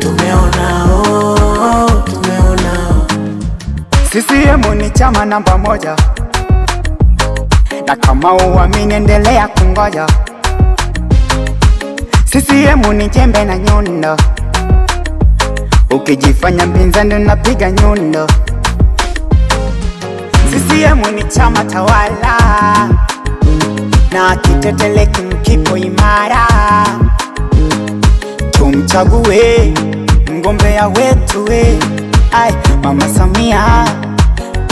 Tumeonao, CCM ni chama namba moja na kama uamini, endelea kungoja. CCM ni jembe na nyundo, ukijifanya mpinzani unapiga nyundo. CCM ni chama tawala na kiteteleki mkipo imara, tumchague mgombea wetu we. Mama Samia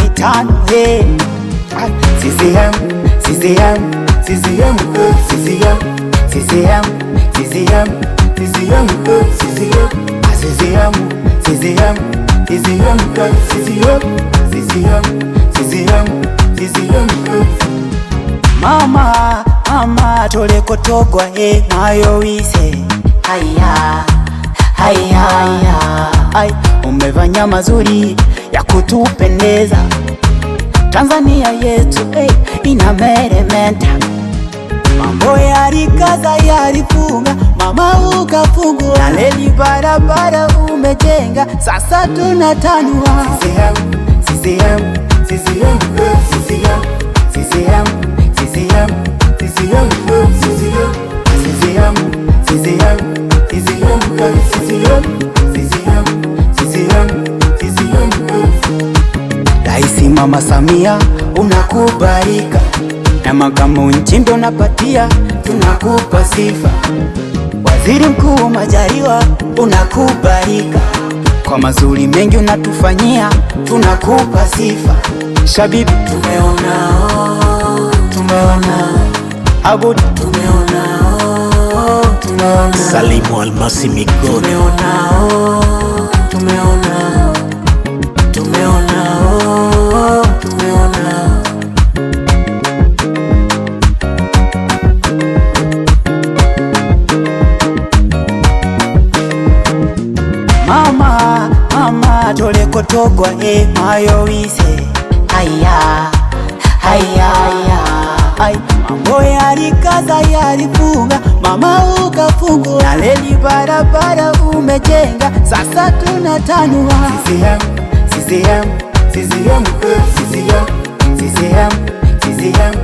mitano we. Ai, CCM CCM, CCM, CCM, CCM, CCM, CCM, CCM, CCM, CCM, CCM, CCM, CCM. Mama, mama tolekotogwa e nayo wise haya haya haya, umevanya mazuri ya kutupendeza Tanzania yetu hey, inameremeta, mambo yalikaza yalifunga, mama ukafungua, na barabara umejenga, sasa tunatanua CCM Raisi Mama Samia unakubarika na makamu nchi ndo napatia, tunakupa sifa. Waziri Mkuu Majaliwa unakubarika kwa mazuri mengi unatufanyia, tunakupa sifa. Shabibi tumeona, tumeona Abud tumeona, tumeona. Salimu Almasi Migone tumeona, tumeona. kotogwa e eh, wise haya haya haya mambo yalikaza yalifunga mama ukafungua na leli barabara umejenga sasa tunatanua CCM CCM CCM CCM CCM CCM